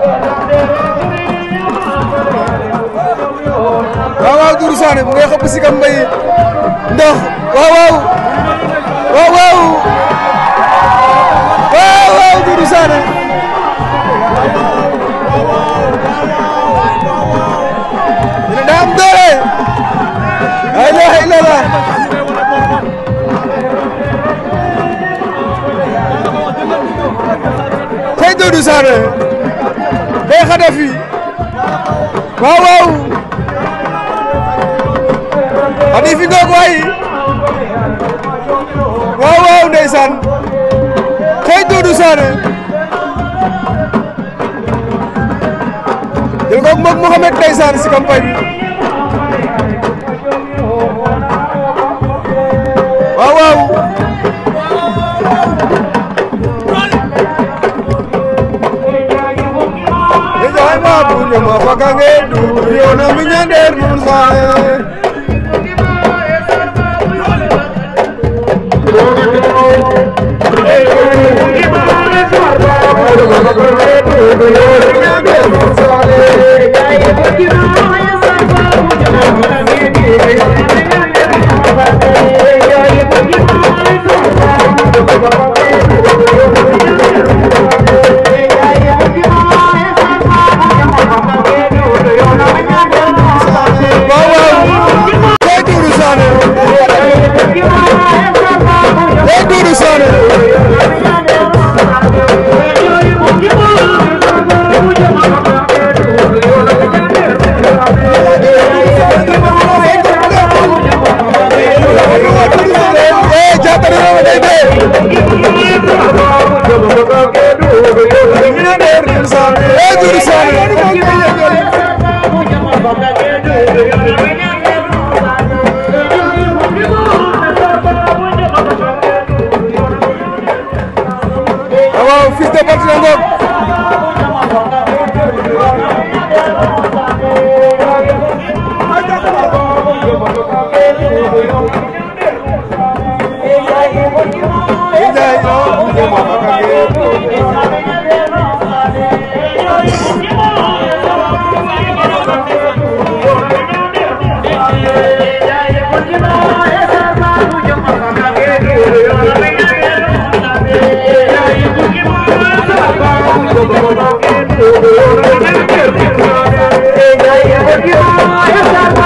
waaw waaw Doudou mu ngay xëpp wow, kam wow, wow, waaw waaw waaw waaw waaw waaw Doudou Sané dina daa am doole la ilaha def fii waaw waaw Hadif ngoog waay waaw waaw ndeysaan tey Doudou Sané jël koog moog Mouhamed ndeysaan si campagne bi waaw waaw Mama, Mama, ma Mama, Mama, Mama, Mama, waaw fils de Bathie Ngom جيما اے سرتاں